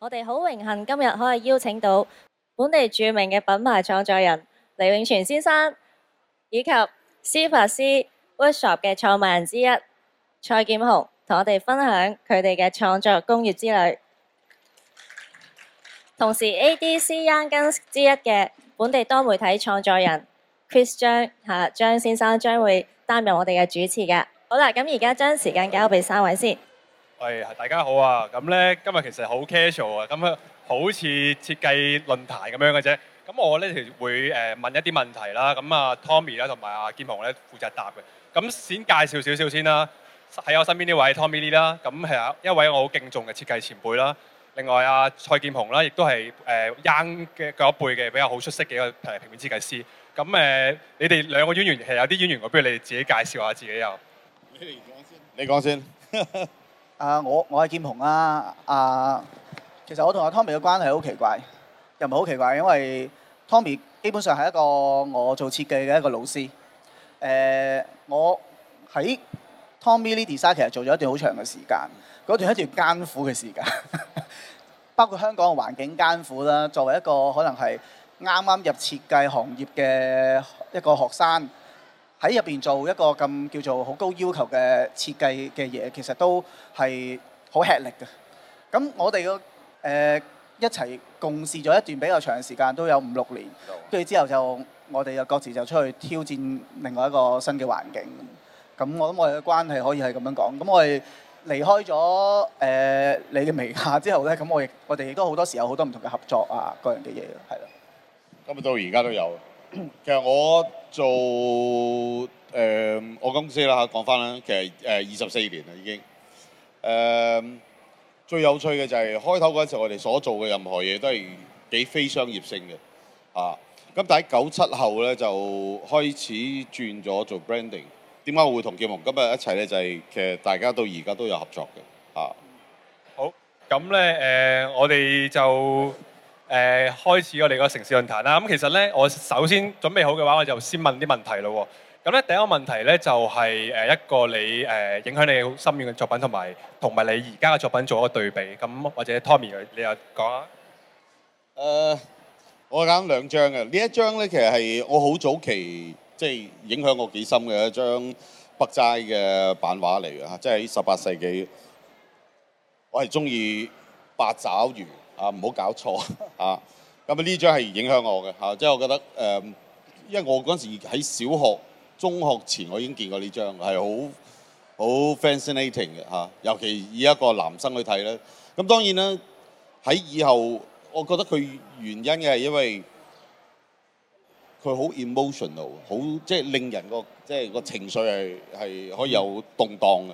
我哋好榮幸今日可以邀請到本地著名嘅品牌創作人李永銓先生，以及司法師 workshop 嘅創辦人之一蔡劍虹，同我哋分享佢哋嘅創作工業之旅。同時，ADC Young Guns 之一嘅本地多媒體創作人 Chris 張吓張先生將會擔任我哋嘅主持好了，咁而家將時間交俾三位先。喂、哎，大家好啊！咁咧，今日其實好 casual 啊，咁啊，好似設計論壇咁樣嘅啫。咁我呢咧會誒、呃、問一啲問題啦。咁啊，Tommy 啦、啊，同埋阿劍虹咧負責答嘅。咁先介紹少少先啦。喺我身邊呢位 Tommy Lee 啦，咁係一位我好敬重嘅設計前輩啦。另外阿、啊、蔡劍虹啦，亦都係誒、呃、young 嘅嗰一輩嘅比較好出色嘅一個平面設計師。咁誒、呃，你哋兩個淵源係有啲淵源，員我不如你哋自己介紹下自己又。你嚟說講先。你講先。啊！我我係劍虹啊！啊，其實我同阿 Tommy 嘅關係好奇怪，又唔係好奇怪，因為 Tommy 基本上係一個我做設計嘅一個老師。誒、呃，我喺 Tommy Li Design 其實做咗一段好長嘅時間，嗰段一段艱苦嘅時間，包括香港嘅環境艱苦啦。作為一個可能係啱啱入設計行業嘅一個學生。喺入邊做一個咁叫做好高要求嘅設計嘅嘢，其實都係好吃力嘅。咁我哋個誒一齊共事咗一段比較長嘅時間，都有五六年。跟住之後就我哋又各自就出去挑戰另外一個新嘅環境。咁我諗我哋嘅關係可以係咁樣講。咁我哋離開咗誒你嘅微家之後咧，咁我亦我哋亦都好多時有好多唔同嘅合作啊，各樣嘅嘢，係啦。咁啊，到而家都有。其實我做誒、呃、我公司啦嚇，講返啦，其實誒二十四年啦已經誒、呃，最有趣嘅就係開頭嗰陣時，我哋所做嘅任何嘢都係幾非商業性嘅啊。咁但係九七後咧就開始轉咗做 branding。點解我會同劍虹今日一齊咧？就係、是、其實大家到而家都有合作嘅啊。好，咁咧誒，我哋就。誒開始我哋個城市論壇啦，咁其實咧，我首先準備好嘅話，我就先問啲問題咯。咁咧，第一個問題咧就係誒一個你誒影響你好深遠嘅作品，同埋同埋你而家嘅作品做一個對比，咁或者 Tommy 你又講啊？誒，我揀兩張嘅，呢一張咧其實係我好早期即係影響我幾深嘅一張北齋嘅版畫嚟嘅嚇，即係喺十八世紀。我係鍾意八爪魚。啊，唔好搞錯啊！咁啊，呢張係影響我嘅嚇，即、啊、係、就是、我覺得誒、嗯，因為我嗰陣時喺小學、中學前，我已經見過呢張，係好好 fascinating 嘅嚇、啊。尤其以一個男生去睇咧，咁當然啦，喺以後，我覺得佢原因嘅係因為佢好 emotional，好即係、就是、令人個即係個情緒係係可以有動盪嘅，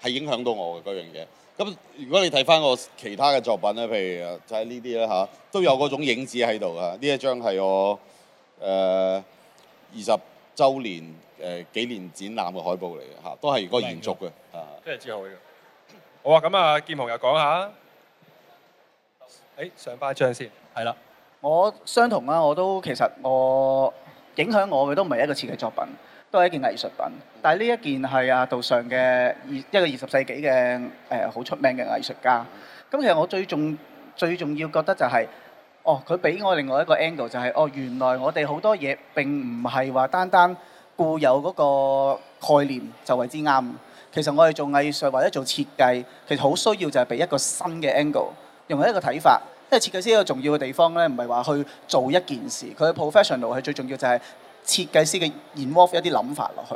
係、嗯、影響到我嘅嗰樣嘢。咁如果你睇翻我其他嘅作品咧，譬如就喺呢啲啦，吓，都有嗰種影子喺度嘅。呢一張係我誒二十周年誒紀念展覽嘅海報嚟嘅吓，都係如果延續嘅啊。真係自豪嘅。的好啊，咁啊，劍虹又講下。誒、欸，上返張先。係啦。我相同啊。我都其實我影響我嘅都唔係一個設計作品。都係一件藝術品，但係呢一件係阿杜尚嘅二一個二十世紀嘅誒好出名嘅藝術家。咁其實我最重最重要覺得就係，哦，佢俾我另外一個 angle 就係，哦，原來我哋好多嘢並唔係話單單固有嗰個概念就為之啱。其實我哋做藝術或者做設計，其實好需要就係俾一個新嘅 angle，用一個睇法。因為設計師一個重要嘅地方咧，唔係話去做一件事，佢嘅 professional 係最重要就係。設計師嘅 involve 一啲諗法落去，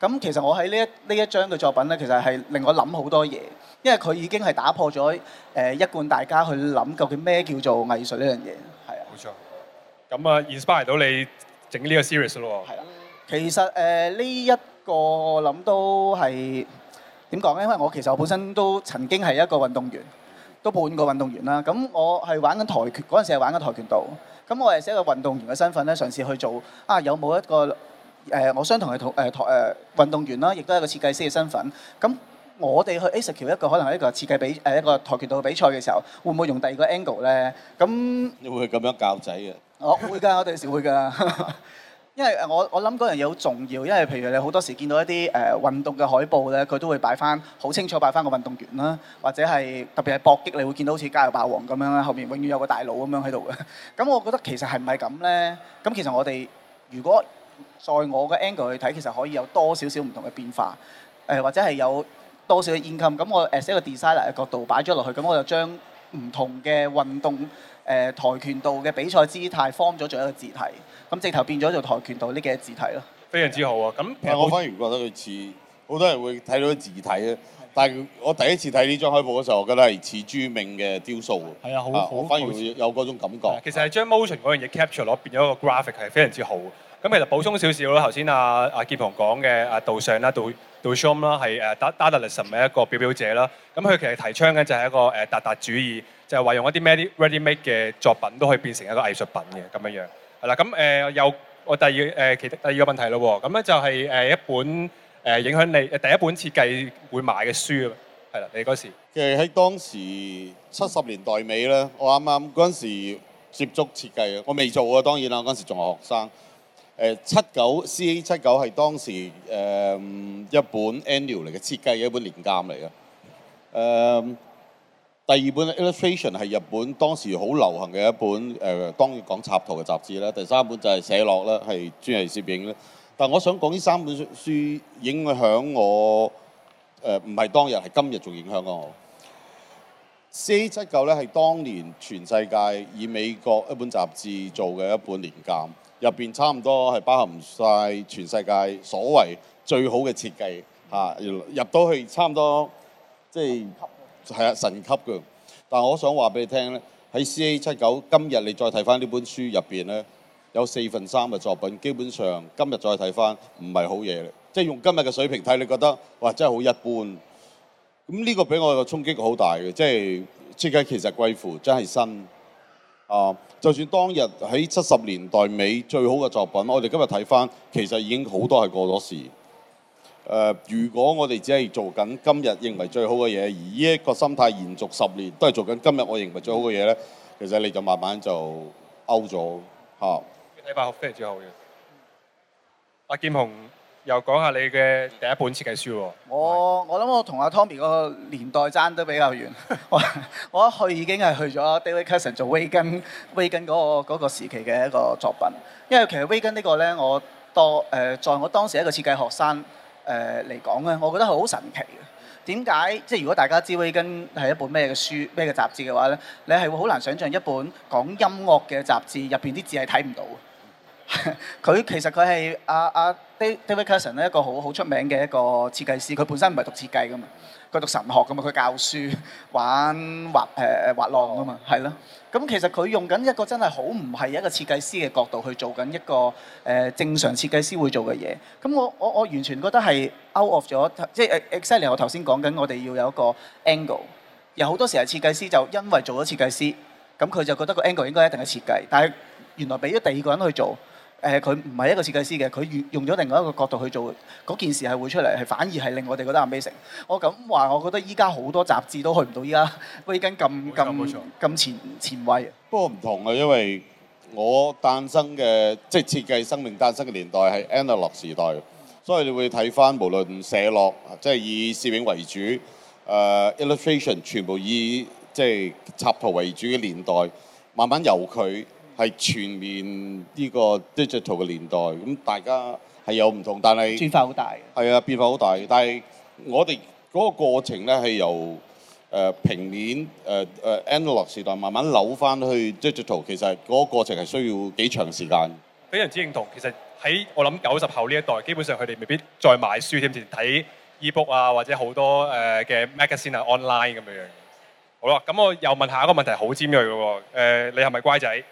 咁其實我喺呢一呢一張嘅作品咧，其實係令我諗好多嘢，因為佢已經係打破咗誒一貫大家去諗究竟咩叫做藝術呢樣嘢。係啊，冇錯。咁啊 inspire 到你整呢個 series 咯喎？係啊。其實誒呢一個我諗都係點講咧？因為我其實我本身都曾經係一個運動員，都半個運動員啦。咁我係玩緊跆拳嗰陣時係玩緊跆拳道。咁我係寫一個運動員嘅身份咧，嘗試去做啊，有冇一個誒、呃、我相同嘅台誒台誒運動員啦，亦都係一個設計師嘅身份。咁我哋去 Asia 一個可能係一個設計比誒、呃、一個跆拳道比賽嘅時候，會唔會用第二個 angle 咧？咁你會咁樣教仔嘅、哦？我會㗎，我哋時會㗎。因為誒我我諗嗰樣嘢好重要，因為譬如你好多時見到一啲誒運動嘅海報咧，佢都會擺翻好清楚，擺翻個運動員啦，或者係特別係搏擊，你會見到好似《街頭霸王》咁樣啦，後面永遠有個大佬咁樣喺度嘅。咁我覺得其實係唔係咁咧？咁其實我哋如果在我嘅 angle 去睇，其實可以有多少少唔同嘅變化，誒或者係有多少嘅 income。咁我 as 一個 designer 嘅角度擺咗落去，咁我就將唔同嘅運動。誒跆、呃、拳道嘅比賽姿態 form 咗做一個字體，咁直頭變咗做跆拳道呢幾個字體咯。非常之好啊！咁其實我反而覺得佢似好多人會睇到啲字體啊，的但係我第一次睇呢張開布嘅時候，我覺得係似朱銘嘅雕塑啊。係啊，好好，我反而有嗰種感覺。其實係將 motion 嗰樣嘢 capture 落，變咗個 graphic 係非常之好。咁其實補充少少啦。頭先阿阿劍雄講嘅阿道上啦，道道 shom 啦，係誒達達德利什嘅一個表表者啦。咁佢其實提倡嘅就係一個誒達達主義，就係、是、話用一啲 ready make 嘅作品都可以變成一個藝術品嘅咁樣樣係啦。咁誒有我第二誒、呃，其第二個問題咯。咁咧就係一本影響你第一本設計會買嘅書啊。係啦，你嗰時其實喺當時七十年代尾啦。我啱啱嗰時接觸設計我未做啊。當然啦，嗰陣時仲係學生。七九 C A 七九係當時誒、嗯、一本 annual 嚟嘅設計嘅一本年鑑嚟嘅、嗯，第二本 illustration 係日本當時好流行嘅一本誒、呃，當日講插圖嘅雜誌啦，第三本就係寫落啦，係專題攝影啦。但我想講呢三本書影響我唔係、呃、當日係今日仲影響緊我。C A 七九咧係當年全世界以美國一本雜誌做嘅一本年鑑。入邊差唔多係包含晒全世界所謂最好嘅設計嚇，mm hmm. 入到去差唔多即係係啊神級嘅。但我想話俾你聽咧，喺 CA 七九今日你再睇翻呢本書入邊咧，有四份三嘅作品，基本上今日再睇翻唔係好嘢，即係用今日嘅水平睇，你覺得哇真係好一般。咁呢個俾我嘅衝擊好大嘅，即係設計其實是貴乎真係新。啊！Uh, 就算當日喺七十年代尾最好嘅作品，我哋今日睇翻，其實已經好多係過咗時。誒、uh,，如果我哋只係做緊今日認為最好嘅嘢，而呢一個心態延續十年，都係做緊今日我認為最好嘅嘢咧，嗯、其實你就慢慢就 out 咗嚇。禮拜好非 i t 最好嘅。阿、啊、劍虹。又講下你嘅第一本設計書喎？我想我諗我同阿 Tommy 嗰個年代爭得比較遠。我 我一去已經係去咗 David Carson 做 Ray Gun Ray Gun 嗰、那個嗰、那個時期嘅一個作品。因為其實 Ray Gun 呢個咧，我多誒、呃、在我當時的一個設計學生誒嚟、呃、講咧，我覺得係好神奇嘅。點解？即係如果大家知 Ray Gun 係一本咩嘅書、咩嘅雜誌嘅話咧，你係會好難想像一本講音樂嘅雜誌入邊啲字係睇唔到。佢其實佢係阿阿 David Carson 咧，一個好好出名嘅一個設計師。佢本身唔係讀設計㗎嘛，佢讀神學㗎嘛，佢教書，玩滑誒誒滑浪啊嘛，係咯。咁其實佢用緊一個真係好唔係一個設計師嘅角度去做緊一個誒正常設計師會做嘅嘢。咁我我我完全覺得係 out of 咗，即係 exactly 我頭先講緊，我哋要有一個 angle。有好多時候設計師就因為做咗設計師，咁佢就覺得個 angle 應該一定係設計，但係原來俾咗第二個人去做。誒佢唔係一個設計師嘅，佢用咗另外一個角度去做嗰件事係會出嚟，係反而係令我哋覺得 amazing。我咁話，我覺得依家好多雜誌都去唔到依家，已經不過依家咁咁咁前前衞。不過唔同啊，因為我誕生嘅即係設計生命誕生嘅年代係 Analog 時代，所以你會睇翻無論寫落即係以攝影為主，誒、呃、illustration 全部以即係插圖為主嘅年代，慢慢由佢。係全面呢個 digital 嘅年代，咁大家係有唔同，但係變化好大。係啊，變化好大，但係我哋嗰個過程咧係由誒、呃、平面誒誒、呃呃、analogue 時代慢慢扭翻去 digital，其實嗰個過程係需要幾長時間。非常之認同，其實喺我諗九十後呢一代，基本上佢哋未必再買書添，而睇 ebook 啊，或者好多誒嘅 magazine、啊、online 咁樣樣。好啦，咁我又問下一個問題，好尖銳嘅喎，誒你係咪乖仔？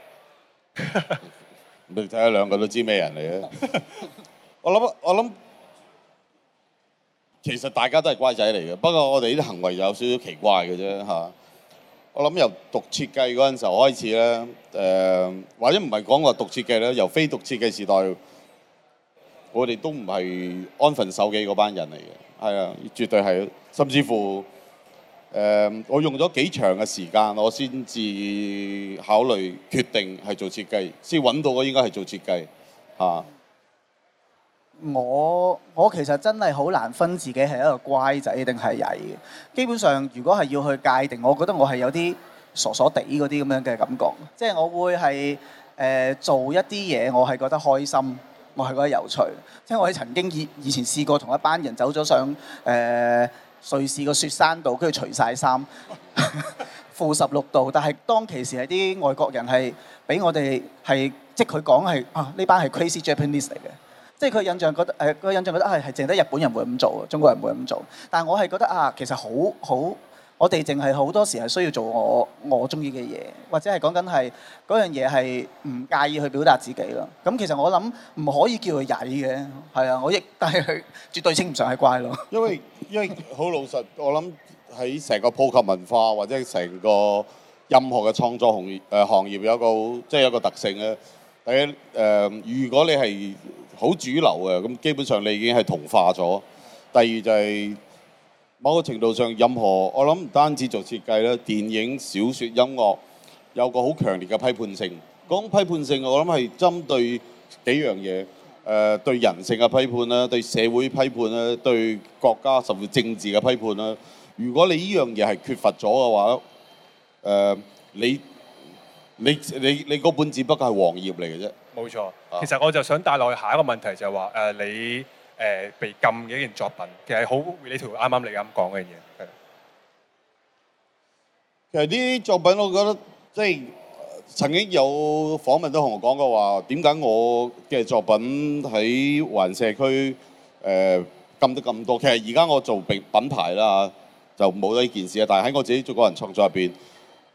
你睇下兩個都知咩人嚟嘅。 我諗我諗，其實大家都係乖仔嚟嘅，不過我哋呢啲行為有少少奇怪嘅啫吓。我諗由讀設計嗰陣時候開始咧，誒、呃，或者唔係講話讀設計咧，由非讀設計時代，我哋都唔係安分守己嗰班人嚟嘅，係啊，絕對係，甚至乎。誒，um，我用咗幾長嘅時間，我先至考慮決定係做設計，先揾到我應該係做設計。嚇，我我其實真係好難分自己係一個乖仔定係曳嘅。基本上，如果係要去界定，我覺得我係有啲傻傻地嗰啲咁樣嘅感覺。即係我會係誒、呃、做一啲嘢，我係覺得開心，我係覺得有趣。即係我係曾經以以前試過同一班人走咗上誒、呃瑞士個雪山度，跟住除晒衫，負 十六度。但係當其時係啲外國人係俾我哋係，即係佢講係啊，呢班係 crazy Japanese 嚟嘅，即係佢印象覺得誒，佢印象覺得係係淨得日本人會咁做，中國人唔會咁做。但係我係覺得啊，其實好好。很我哋淨係好多時係需要做我我中意嘅嘢，或者係講緊係嗰樣嘢係唔介意去表達自己咯。咁其實我諗唔可以叫佢曳嘅，係啊，我亦但係佢絕對稱唔上係怪咯。因為因為好老實，我諗喺成個普及文化或者成個任何嘅創作行誒行業有個即係有個特性咧。第一誒，如果你係好主流嘅，咁基本上你已經係同化咗。第二就係。某個程度上，任何我諗唔單止做設計啦，電影、小說、音樂，有個好強烈嘅批判性。講批判性，我諗係針對幾樣嘢，誒、呃、對人性嘅批判啦，對社會的批判啦，對國家甚至政治嘅批判啦。如果你呢樣嘢係缺乏咗嘅話，誒、呃、你你你你，你嗰本只不過係黃頁嚟嘅啫。冇錯，其實我就想帶落去下一個問題就是說，就係話誒你。誒被禁嘅一件作品，其實好 relatable。啱啱你咁講嘅嘢，係其實啲作品，我覺得即係曾經有訪問都同我講過話，點解我嘅作品喺華人社區誒禁得咁多？其實而家我做平品牌啦嚇，就冇呢件事啊。但係喺我自己做個人創作入邊，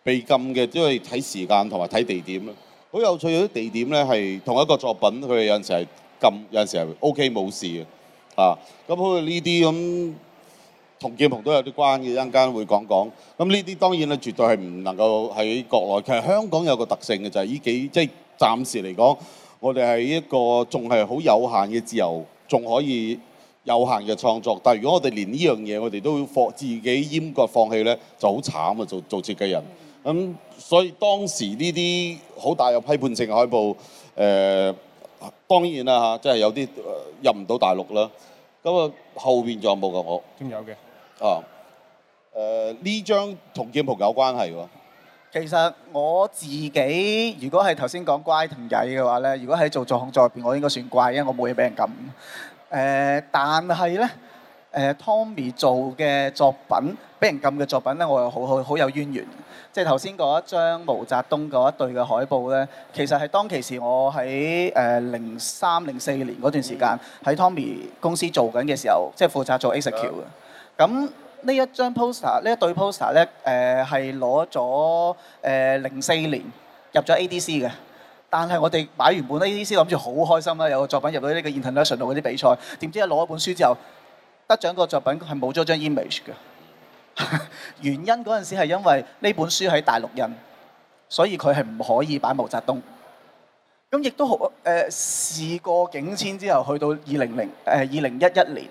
被禁嘅，因為睇時間同埋睇地點啦。好有趣嗰啲地點咧，係同一個作品，佢有陣時係。撳有陣時係 OK 冇事嘅，啊咁好似呢啲咁，同劍虹都有啲關嘅陣間會講講。咁呢啲當然係絕對係唔能夠喺國內。其實香港有個特性嘅就係、是、呢幾，即係暫時嚟講，我哋係一個仲係好有限嘅自由，仲可以有限嘅創作。但係如果我哋連呢樣嘢我哋都放自己閹割放棄咧，就好慘啊！做做設計人咁、嗯，所以當時呢啲好大有批判性嘅海報，誒、呃。啊、當然啦嚇，即、啊、係有啲入唔到大陸啦。咁啊，後邊仲有冇噶我？仲有嘅。啊，誒、呃、呢張同劍虹有關係喎。其實我自己如果係頭先講乖同曳嘅話咧，如果喺做作控作入邊，我應該算乖，因為我冇嘢俾人撳。誒、呃，但係咧，誒、呃、Tommy 做嘅作品，俾人撳嘅作品咧，我又好好好有淵源。即係頭先嗰一張毛澤東嗰一對嘅海報咧，其實係當其時我喺誒零三零四年嗰段時間喺 Tommy 公司做緊嘅時候，即係負責做 A.S.A.C. 橋嘅。咁呢一張 poster 呢一對 poster 咧，誒係攞咗誒零四年入咗 A.D.C. 嘅。但係我哋買完本 A.D.C. 諗住好開心啦，有個作品入到呢個 International 嗰啲比賽，點知一攞一本書之後得獎個作品係冇咗張 image 嘅。 原因嗰陣時係因為呢本書喺大陸印，所以佢係唔可以擺毛澤東。咁亦都好誒、呃，事過境遷之後，去到二零零誒二零一一年，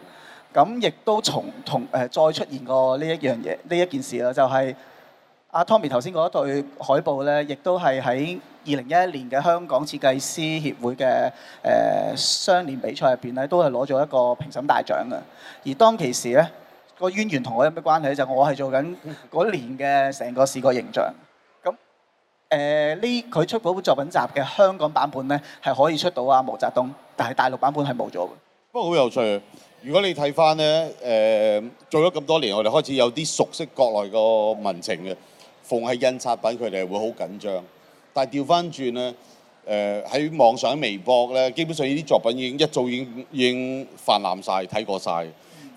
咁亦都從同誒、呃、再出現過呢一樣嘢，呢一件事啦，就係、是、阿、啊、Tommy 頭先嗰對海報咧，亦都係喺二零一一年嘅香港設計師協會嘅誒雙年比賽入邊咧，都係攞咗一個評審大獎嘅。而當其時咧，個淵源同我有咩關係，就我係做緊嗰年嘅成個視覺形象。咁誒呢，佢出嗰本作品集嘅香港版本咧，係可以出到啊毛澤東，但係大陸版本係冇咗嘅。不過好有趣，如果你睇翻咧，誒做咗咁多年，我哋開始有啲熟悉國內個民情嘅。逢係印刷品，佢哋會好緊張。但係調翻轉咧，誒、呃、喺網上微博咧，基本上呢啲作品已經一早已經已經氾濫晒，睇過晒。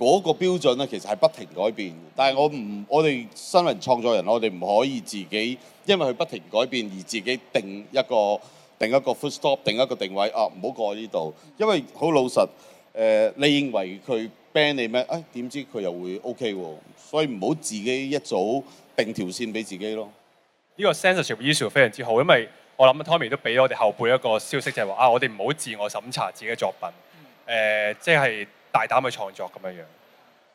嗰個標準咧，其實係不停改變。但係我唔，我哋身為創作人，我哋唔可以自己，因為佢不停改變而自己定一個定一個 footstop，定一個定位啊，唔好過呢度。因為好老實，誒、呃，你認為佢 ban 你咩、哎？誒，點知佢又會 OK 喎。所以唔好自己一早定條線俾自己咯。呢個 censorship issue 非常之好，因為我諗 Tommy 都俾我哋後輩一個消息，就係、是、話啊，我哋唔好自我審查自己嘅作品。誒、嗯呃，即係。大膽去創作咁樣樣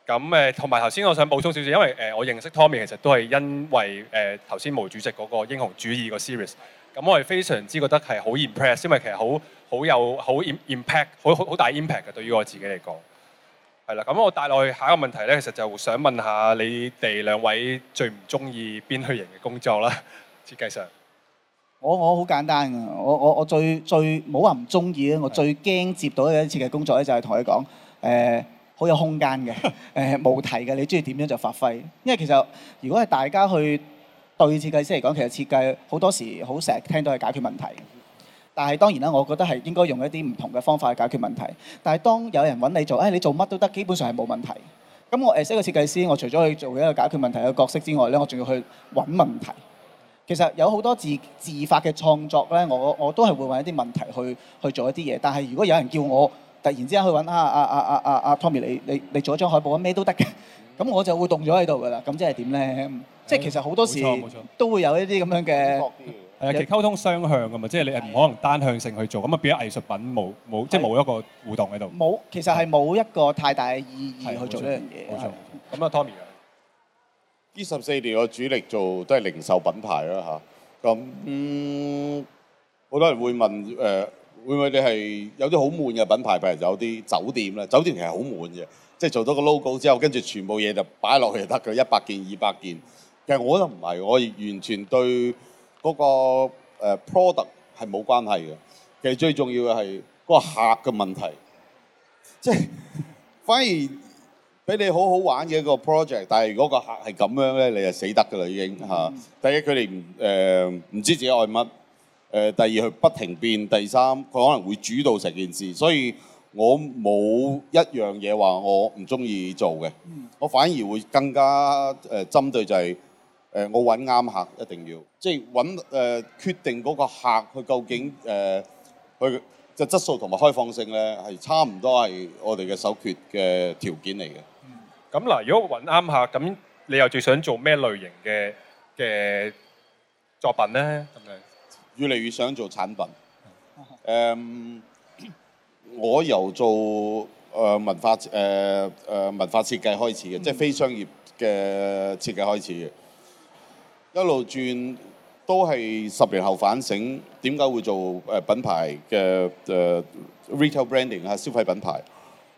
咁誒，同埋頭先我想補充少少，因為誒、呃、我認識 Tommy 其實都係因為誒頭先毛主席嗰個英雄主義個 series。咁我係非常之覺得係好 impress，因為其實好好有好 impact 好好大 impact 嘅對於我自己嚟講係啦。咁我帶落去下一個問題咧，其實就想問下你哋兩位最唔中意邊類型嘅工作啦？設計上我我好簡單嘅，我我我最最冇話唔中意咧，我最驚接到一次嘅工作咧，就係同佢講。誒好、呃、有空間嘅，誒、呃、冇題嘅，你中意點樣就發揮。因為其實如果係大家去對設計師嚟講，其實設計好多時好成日聽到係解決問題。但係當然啦，我覺得係應該用一啲唔同嘅方法去解決問題。但係當有人揾你做，誒、哎、你做乜都得，基本上係冇問題。咁我誒作為一個設計師，我除咗去做一個解決問題嘅角色之外呢，我仲要去揾問題。其實有好多自自發嘅創作呢，我我都係會揾一啲問題去去做一啲嘢。但係如果有人叫我，突然之間去揾啊啊啊啊啊啊 Tommy，你你你做一張海報咩都得嘅，咁我就會動咗喺度噶啦。咁即係點咧？即係其實好多時都會有一啲咁樣嘅，係啊，其實溝通雙向噶嘛，即係你係唔可能單向性去做。咁啊，變咗藝術品冇冇，即係冇一個互動喺度。冇，其實係冇一個太大嘅意義去做呢樣嘢。冇錯。咁啊，Tommy，呢十四年我主力做都係零售品牌啦嚇。咁好多人會問誒。會唔會你係有啲好悶嘅品牌，譬如有啲酒店啦，酒店其實好悶嘅，即係做到個 logo 之後，跟住全部嘢就擺落去就得㗎，一百件、二百件。其實我都唔係，我完全對嗰個 product 係冇關係嘅。其實最重要嘅係個客嘅問題，即係反而俾你好好玩嘅一個 project，但係如果嗰個客係咁樣咧，你係死得㗎啦已經嚇。第一，佢哋唔誒唔知自己愛乜。誒第二佢不停變，第三佢可能會主導成件事，所以我冇一樣嘢話我唔中意做嘅。我反而會更加誒針對就係誒我揾啱客一定要，即係揾誒決定嗰個客佢究竟誒佢嘅質素同埋開放性咧，係差唔多係我哋嘅先決嘅條件嚟嘅。咁嗱，如果揾啱客，咁你又最想做咩類型嘅嘅作品咧？咁樣？越嚟越想做產品。誒、um，我由做誒文化誒誒、呃呃、文化設計開始嘅，嗯、即係非商業嘅設計開始嘅，一路轉都係十年後反省點解會做誒品牌嘅誒 retail branding 啊，呃、branding，消費品牌。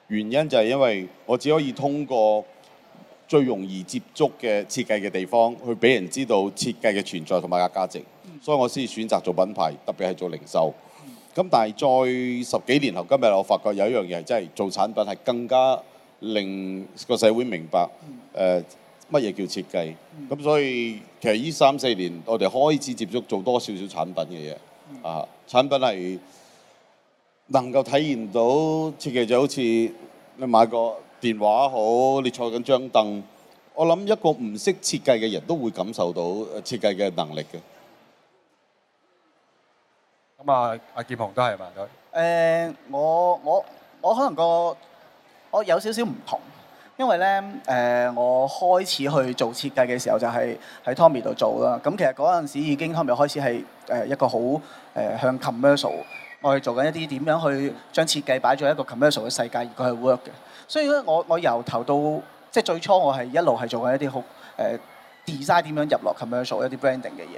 原因就係因為我只可以通過最容易接觸嘅設計嘅地方，去俾人知道設計嘅存在同埋價值，嗯、所以我先選擇做品牌，特別係做零售。咁、嗯、但係再十幾年後，今日我發覺有一樣嘢係真係做產品係更加令個社會明白乜嘢、嗯呃、叫設計。咁、嗯、所以其實呢三四年，我哋開始接觸做多少少產品嘅嘢、嗯、啊，產品係能夠體現到設計，就好似你買個電話好，你坐緊張凳，我諗一個唔識設計嘅人都會感受到設計嘅能力嘅。咁啊，阿劍虹都係嘛？都誒，我我我可能個我有少少唔同，因為咧誒，我開始去做設計嘅時候就係喺 Tommy 度做啦。咁其實嗰陣時已經 Tommy 開始係誒一個好誒向 commercial，我係做緊一啲點樣去將設計擺咗喺一個 commercial 嘅世界而佢係 work 嘅。所以咧，我我由頭到即係最初，我係一路係做緊一啲好誒 design 點樣入落 commercial 一啲 branding 嘅嘢。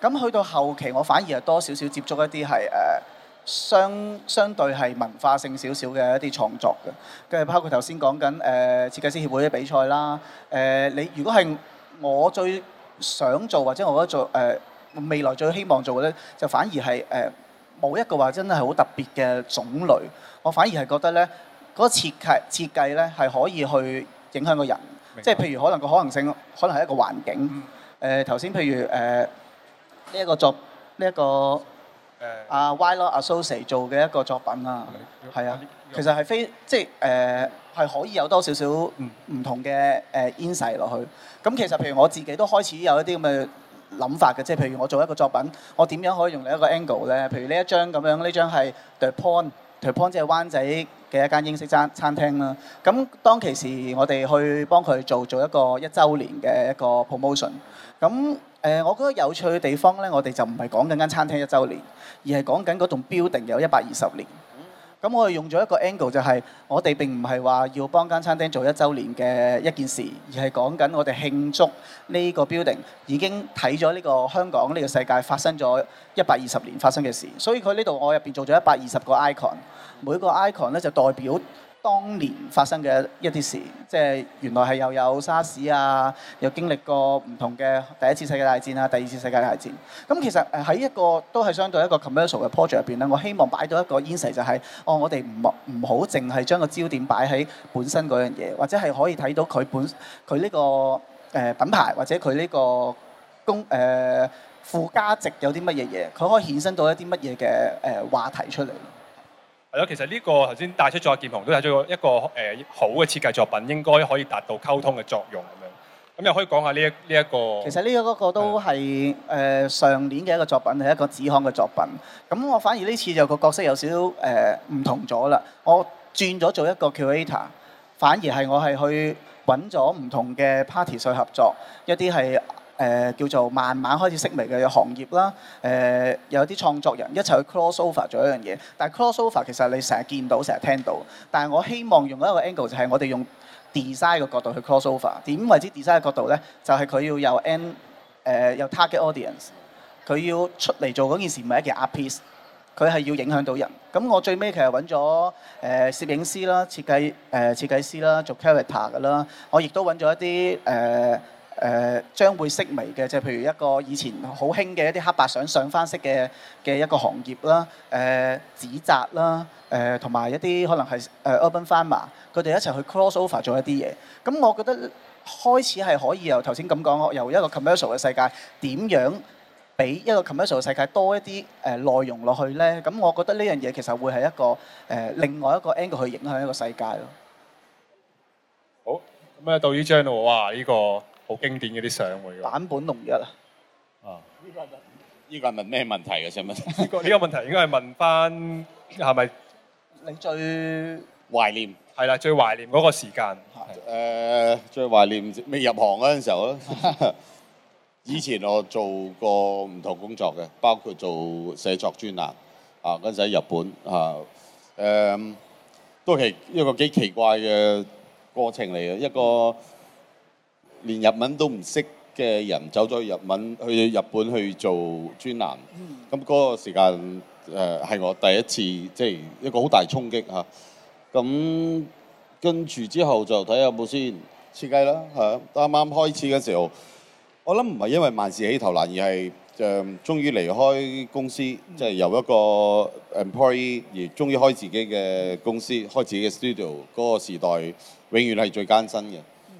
咁去到後期，我反而係多少少接觸一啲係誒相相對係文化性少少嘅一啲創作嘅。跟住包括頭先講緊誒設計師協會嘅比賽啦。誒、呃、你如果係我最想做或者我覺得做誒、呃、未來最希望做嘅咧，就反而係誒冇一個話真係好特別嘅種類。我反而係覺得咧。嗰個設計設計咧係可以去影響個人，即係譬如可能個可能性可能係一個環境。誒頭先譬如誒呢一個作呢一、這個誒阿 Wilder、嗯、Associate 做嘅一個作品啦，係、嗯、啊，其實係非即係誒係可以有多少少唔同嘅誒 insight 落去。咁其實譬如我自己都開始有一啲咁嘅諗法嘅，即係譬如我做一個作品，我點樣可以用另一個 angle 咧？譬如呢一張咁樣，呢張係 The Pawn。台 The Pawn 即係灣仔嘅一間英式餐餐廳啦，咁當其時我哋去幫佢做做一個一週年嘅一個 promotion，咁誒，我覺得有趣嘅地方咧，我哋就唔係講緊間餐廳一週年，而係講緊嗰棟 building 有一百二十年。咁我哋用咗一個 angle，就係我哋並唔係話要幫間餐廳做一週年嘅一件事，而係講緊我哋慶祝呢個 building 已經睇咗呢個香港呢個世界發生咗一百二十年發生嘅事。所以佢呢度我入面做咗一百二十個 icon，每個 icon 呢就代表當年發生嘅一啲事，即係原來係又有沙士啊，又經歷過唔同嘅第一次世界大戰啊，第二次世界大戰。咁、嗯、其實喺一個都係相對一個 commercial 嘅 project 入邊咧，我希望擺到一個 insight 就係、是，哦，我哋唔唔好淨係將個焦點擺喺本身嗰樣嘢，或者係可以睇到佢本佢呢、這個誒、呃、品牌或者佢呢個公誒附加值有啲乜嘢嘢，佢可以衍生到一啲乜嘢嘅誒話題出嚟。係咯，其實呢個頭先帶出咗劍虹都帶出一個誒、呃、好嘅設計作品，應該可以達到溝通嘅作用咁樣。咁、嗯、又可以講下呢一呢一個？其實呢一個都係誒是的、呃、上年嘅一個作品，係一個紙行嘅作品。咁我反而呢次就個角色有少少誒唔同咗啦。我轉咗做一個 curator，反而係我係去揾咗唔同嘅 party 去合作，一啲係。呃、叫做慢慢開始識微嘅行業啦、呃，有啲創作人一齊去 cross over 做一樣嘢，但係 cross over 其實你成日見到，成日聽到。但係我希望用一個 angle 就係、是、我哋用 design 嘅角度去 cross over。點為之 design 嘅角度咧？就係、是、佢要有 end、呃、有 target audience，佢要出嚟做嗰件事唔係一件 art piece，佢係要影響到人。咁我最尾其實揾咗誒攝影師啦、設計、呃、設計師啦、做 character 嘅啦，我亦都揾咗一啲誒將會式微嘅，即係譬如一個以前好興嘅一啲黑白相上翻色嘅嘅一個行業啦，誒紙紮啦，誒同埋一啲可能係誒 urban farmer，佢哋一齊去 cross over 做一啲嘢。咁我覺得開始係可以由頭先咁講，由一個 commercial 嘅世界點樣俾一個 commercial 嘅世界多一啲誒、呃、內容落去咧。咁我覺得呢樣嘢其實會係一個誒、呃、另外一個 angle 去影響一個世界咯。好咁啊，到呢張咯，哇呢、呢個～好經典嗰啲相喎，坂本龍一啊？啊！呢個係問呢個係問咩問題嘅？請問呢個呢個問題應該係問翻係咪你最懷念？係啦，最懷念嗰個時間。誒，最懷念未入行嗰陣時候咯。以前我做過唔同工作嘅，包括做寫作專欄啊。啊，嗰陣時喺日本啊，誒都係一個幾奇怪嘅過程嚟嘅，一個。連日文都唔識嘅人走咗去日文，去日本去做專欄。咁嗰個時間誒係我第一次，即係一個好大衝擊嚇。咁跟住之後就睇下有冇先設計啦嚇。啱啱開始嘅時候，我諗唔係因為萬事起頭難，而係誒終於離開公司，即係由一個 employee 而終於開自己嘅公司，開自己嘅 studio 嗰個時代，永遠係最艱辛嘅。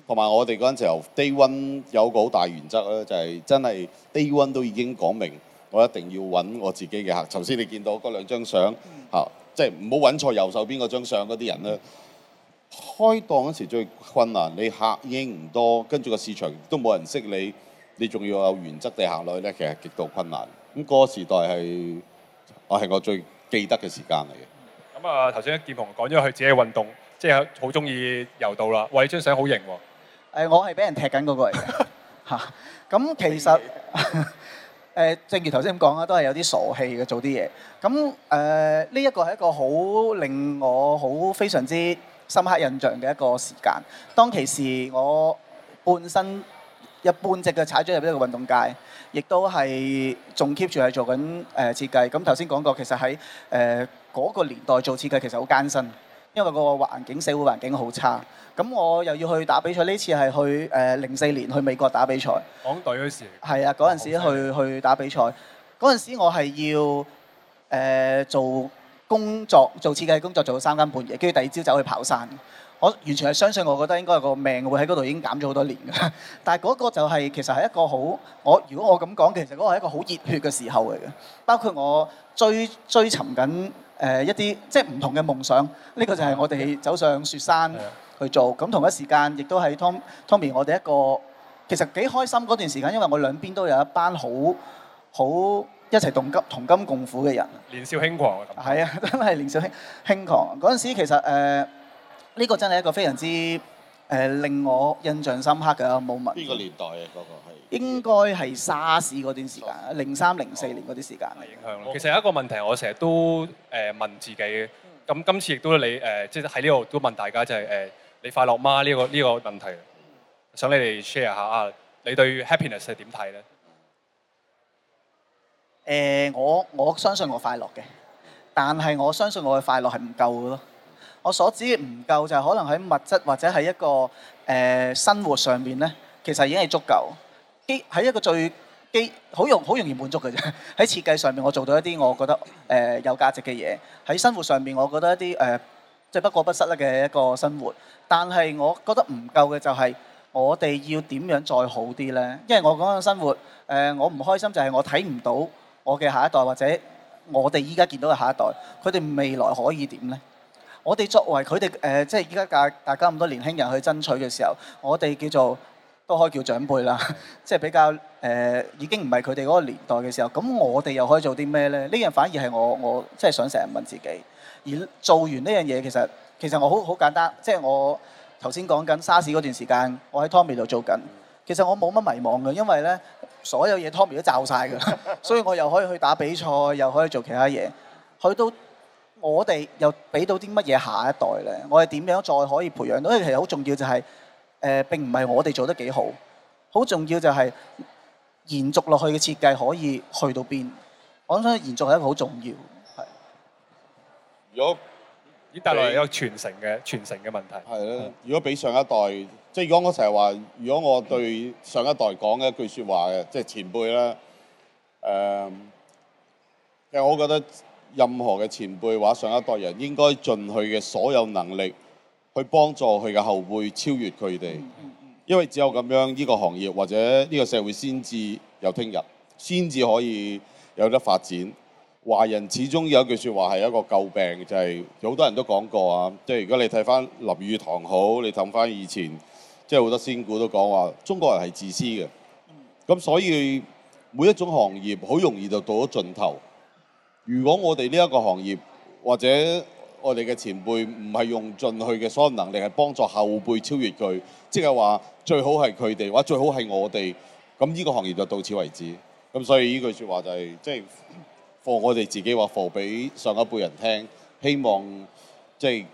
同埋我哋嗰陣時候，Day One 有個好大原則咧，就係真係 Day One 都已經講明，我一定要揾我自己嘅客。頭先你見到嗰兩張相，即係唔好揾錯右手邊嗰張相嗰啲人咧。開檔嗰時最困難，你客已經唔多，跟住個市場都冇人識你，你仲要有原則地行落去咧，其實極度困難。咁嗰個時代係我係我最記得嘅時間嚟嘅。咁啊，頭先劍虹講咗佢自己運動，即係好中意柔道啦。喂，張相好型喎～誒，我係俾人踢緊嗰個嚟嘅嚇。咁其實誒，正如頭先咁講啦，都係有啲傻氣嘅做啲嘢。咁誒，呢一個係一個好令我好非常之深刻印象嘅一個時間。當其時，我半身一半隻腳踩咗入呢個運動界，亦都係仲 keep 住係做緊誒設計。咁頭先講過，其實喺誒嗰個年代做設計其實好艱辛。因為個環境社會環境好差，咁我又要去打比賽。呢次係去誒零四年去美國打比賽。港隊嗰時係啊，嗰陣時去去打比賽，嗰陣時我係要誒、呃、做工作，做設計工作做到三更半夜，跟住第二朝走去跑山。我完全係相信，我覺得應該係個命會喺嗰度已經減咗好多年，但係嗰個就係、係、其實係一個好，我如果我咁講，其實嗰個係一個好熱血嘅時候嚟嘅。包括我追追尋緊，誒一啲即係唔同嘅夢想，呢個就係我哋走上雪山去做。咁同一時間，亦都係 Tommy Tommy，我哋一個其實幾開心嗰段時間，因為我兩邊都有一班好好一齊同甘同甘共苦嘅人。年少輕狂啊，係啊，真係年少輕輕狂。嗰陣時其實誒呢個真係一個非常之誒令我印象深刻嘅冒問。邊個年代啊？嗰個係？應該係沙士嗰段時間，零三零四年嗰段時間嘅影響咯。其實有一個問題，我成日都誒問自己嘅。咁、嗯、今次亦都你誒，即係喺呢度都問大家，就係、是、誒、呃、你快樂嗎、這個？呢個呢個問題，想你哋 share 下啊，你對 happiness 係點睇咧？誒、呃，我我相信我快樂嘅，但係我相信我嘅快樂係唔夠嘅咯。我所指嘅唔夠就係可能喺物質或者係一個誒、呃、生活上面咧，其實已經係足夠。基喺一個最基好容好容易滿足嘅啫，喺設計上面我做到一啲我覺得誒、呃、有價值嘅嘢，喺生活上面我覺得一啲誒即係不過不失啦嘅一個生活，但係我覺得唔夠嘅就係我哋要點樣再好啲咧？因為我講嘅生活誒、呃，我唔開心就係我睇唔到我嘅下一代或者我哋依家見到嘅下一代，佢哋未來可以點咧？我哋作為佢哋誒，即係依家大大家咁多年輕人去爭取嘅時候，我哋叫做，都可以叫長輩啦，即係比較誒，已經唔係佢哋嗰個年代嘅時候，咁我哋又可以做啲咩呢？呢樣反而係我我即係想成日問自己，而做完呢樣嘢，其實其實我好好簡單，即係我頭先講緊沙士嗰段時間，我喺 Tommy 度做緊，其實我冇乜迷茫㗎，因為呢所有嘢 Tommy 都罩曬㗎，所以我又可以去打比賽，又可以做其他嘢。去到我哋又俾到啲乜嘢下一代呢？我哋點樣再可以培養到？因為其實好重要就係。誒、呃、並唔係我哋做得幾好，好重要就係延續落去嘅設計可以去到邊，我想延續係一個好重要。係，如果帶嚟一個傳承嘅傳承嘅問題。係啦，如果畀上一代，即係的如果我成日話，如果我對上一代講嘅一句説話嘅，即、就、係、是、前輩啦，誒、呃，其實我覺得任何嘅前輩或者上一代人應該盡佢嘅所有能力，去幫助佢嘅後輩超越佢哋，因為只有咁樣呢、這個行業或者呢個社會先至有聽日，先至可以有得發展。華人始終有一句説話係一個詬病，就係、是、好多人都講過啊。即係如果你睇翻林語堂好，你睇翻以前，即係好多先古都講話中國人係自私嘅。咁所以每一種行業好容易就到咗盡頭。如果我哋呢一個行業或者，我哋嘅前輩唔係用盡佢嘅所有能力，係幫助後輩超越佢，即係話最好係佢哋，或者最好係我哋。咁呢個行業就到此為止。咁所以呢句説話就係，即係放我哋自己話放俾上一輩人聽，希望即係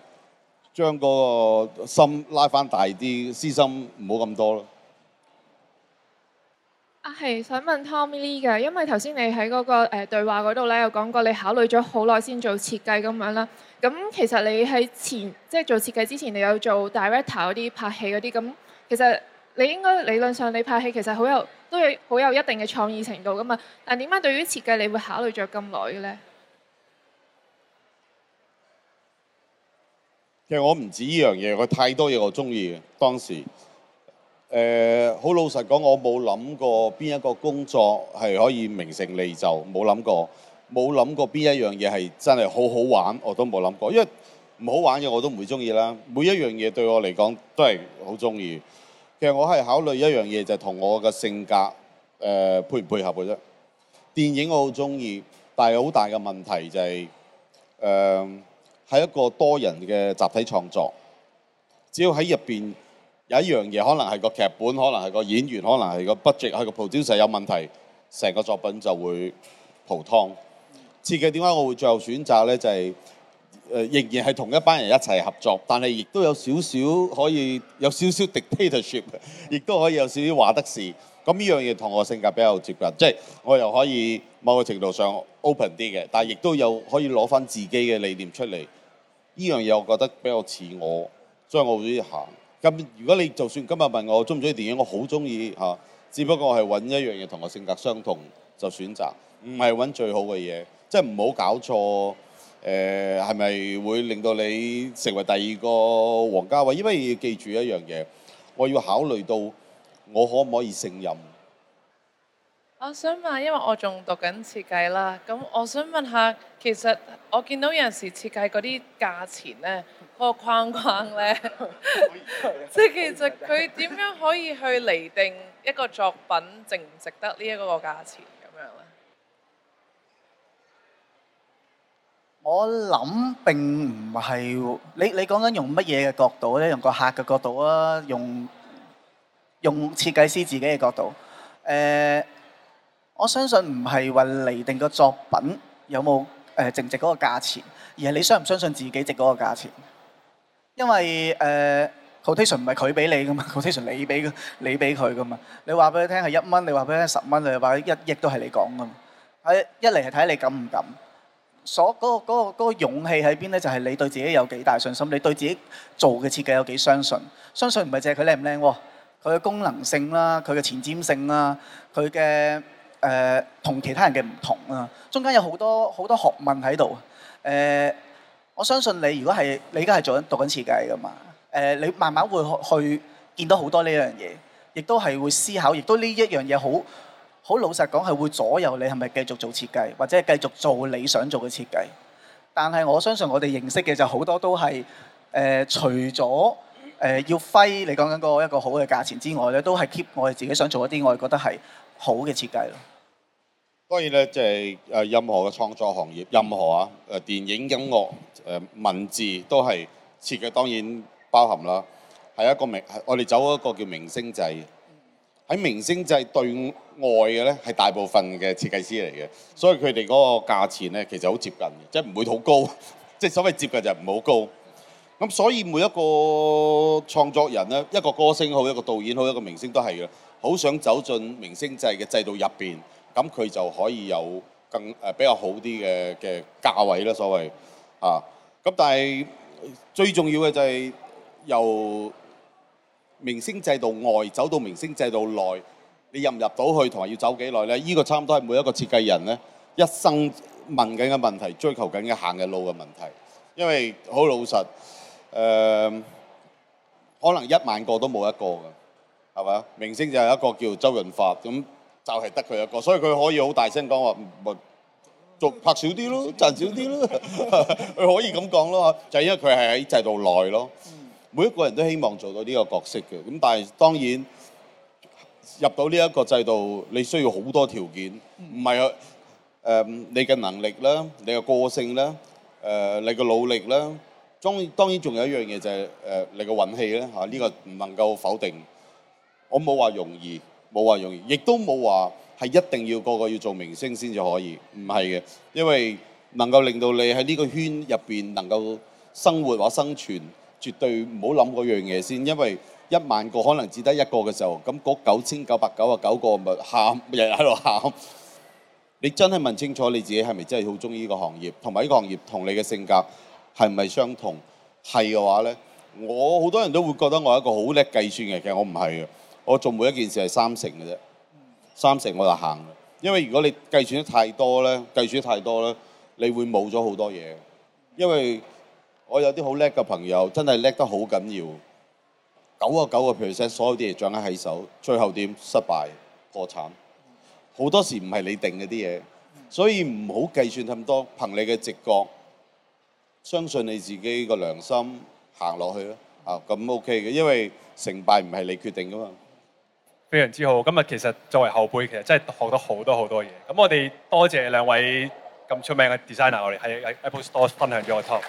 將嗰個心拉翻大啲，私心唔好咁多。啊，係想問 Tommy Lee 嘅，因為頭先你喺嗰個誒對話嗰度咧，有講過你考慮咗好耐先做設計咁樣啦。咁其實你喺前即係做設計之前，你有做 director 嗰啲拍戲嗰啲。咁其實你應該理論上你拍戲其實好有都有好有一定嘅創意程度㗎嘛。但點解對於設計你會考慮咗咁耐嘅咧？其實我唔止呢樣嘢，我太多嘢我中意嘅當時。誒，好、呃、老實講，我冇諗過邊一個工作係可以名成利就，冇諗過，冇諗過邊一樣嘢係真係好好玩，我都冇諗過，因為唔好玩嘅我都唔會中意啦。每一樣嘢對我嚟講都係好中意。其實我係考慮一樣嘢就係同我嘅性格誒、呃、配唔配合嘅啫。電影我好中意，但係好大嘅問題就係誒係一個多人嘅集體創作，只要喺入邊，有一樣嘢，可能係個劇本，可能係個演員，可能係個 budget，係個 proposal 有問題，成個作品就會泡湯。設計點解我會最後選擇呢？就係、是呃、仍然係同一班人一齊合作，但係亦都有少少可以有少少 dictatorship，亦都可以有少少話得事。咁呢樣嘢同我性格比較接近，即、就、係、是、我又可以某個程度上 open 啲嘅，但係亦都有可以攞翻自己嘅理念出嚟。呢樣嘢我覺得比較似我，所以我會行。咁如果你就算今日問我中唔中意電影，我好中意吓，只不過係揾一樣嘢同我性格相同就選擇，唔係揾最好嘅嘢，即係唔好搞錯。誒，係咪會令到你成為第二個王家衞？因為要記住一樣嘢，我要考慮到我可唔可以勝任。我想問，因為我仲讀緊設計啦，咁我想問下，其實我見到有陣時設計嗰啲價錢咧，個框框咧，即係其實佢點樣可以去厘定一個作品值唔值得呢一個價錢咁樣咧？我諗並唔係你你講緊用乜嘢嘅角度咧？用個客嘅角度啊，用用設計師自己嘅角度，誒、呃。我相信唔係話嚟定個作品有冇誒、呃，值唔值嗰個價錢，而係你相唔相信自己值嗰個價錢。因為誒，quotation 唔係佢俾你噶嘛。quotation 你俾你俾佢噶嘛。你話俾佢聽係一蚊，你話俾佢聽十蚊，你話一億都係你講噶嘛。係一嚟係睇你敢唔敢，所嗰、嗰個嗰、嗰個嗰個嗰個、勇氣喺邊咧？就係、是、你對自己有幾大信心，你對自己做嘅設計有幾相信？相信唔係淨係佢靚唔靚喎，佢、哦、嘅功能性啦，佢嘅前瞻性啦，佢嘅。誒同、呃、其他人嘅唔同啊，中間有好多好多學問喺度。誒、呃，我相信你，如果係你而家係做緊讀緊設計嘅嘛，誒、呃，你慢慢會去見到好多呢樣嘢，亦都係會思考，亦都呢一樣嘢好好，老實講，係會左右你係咪繼續做設計，或者係繼續做你想做嘅設計。但係我相信我哋認識嘅就好多都係誒、呃，除咗誒、呃、要揮你講緊嗰一個好嘅價錢之外咧，都係 keep 我哋自己想做一啲，我哋覺得係。好嘅設計咯。當然咧，就係誒任何嘅創作行業，任何啊誒電影、音樂、誒文字都係設計，當然包含啦。係一個明，我哋走嘅一個叫明星制。喺明星制對外嘅咧，係大部分嘅設計師嚟嘅，所以佢哋嗰個價錢咧，其實好接近嘅，即係唔會好高。即係所謂接近就唔好高。咁所以每一個創作人咧，一個歌星好，一個導演好，一個明星都係嘅。好想走進明星制嘅制度入邊，咁佢就可以有更誒、呃、比較好啲嘅嘅價位啦。所謂啊，咁但係最重要嘅就係由明星制度外走到明星制度內，你入唔入到去同埋要走幾耐呢？呢、呢個差唔多係每一個設計人呢一生問緊嘅問題，追求緊嘅行嘅路嘅問題。因為好老實誒、呃，可能一萬個都冇一個㗎。係咪啊？明星就係一個叫周潤發咁，就係得佢一個，所以佢可以好大聲講話，咪做拍少啲咯，賺少啲咯，佢可以咁講咯。就係因為佢係喺制度內咯。每一個人都希望做到呢個角色嘅，咁但係當然入到呢一個制度，你需要好多條件，唔係誒你嘅能力啦，你嘅個性啦，誒你嘅努力啦，當當然仲有一樣嘢就係誒你嘅運氣啦嚇，呢個唔能夠否定。我冇話容易，冇話容易，亦都冇話係一定要個個要做明星先至可以，唔係嘅。因為能夠令到你喺呢個圈入邊能夠生活或生存，絕對唔好諗嗰樣嘢先。因為一萬個可能只得一個嘅時候，咁嗰九千九百九十九個咪喊，日日喺度喊。你真係問清楚你自己係咪真係好鍾意呢個行業，同埋呢個行業同你嘅性格係唔係相同？係嘅話呢，我好多人都會覺得我係一個好叻計算嘅，其實我唔係嘅。我做每一件事係三成嘅啫，嗯、三成我就行。因為如果你計算得太多咧，計算得太多咧，你會冇咗好多嘢。因為我有啲好叻嘅朋友，真係叻得好緊要，九啊九個 percent，所有啲嘢掌握喺手，最後點失敗破產好多時唔係你定嘅啲嘢，所以唔好計算咁多，憑你嘅直覺，相信你自己個良心行落去咯。啊，咁 OK 嘅，因為成敗唔係你決定㗎嘛。非常之好，今日其實作為後輩，其實真係學到好多好多嘢。咁我哋多謝兩位咁出名嘅 designer，我哋喺 Apple Store 分享咗個 topic。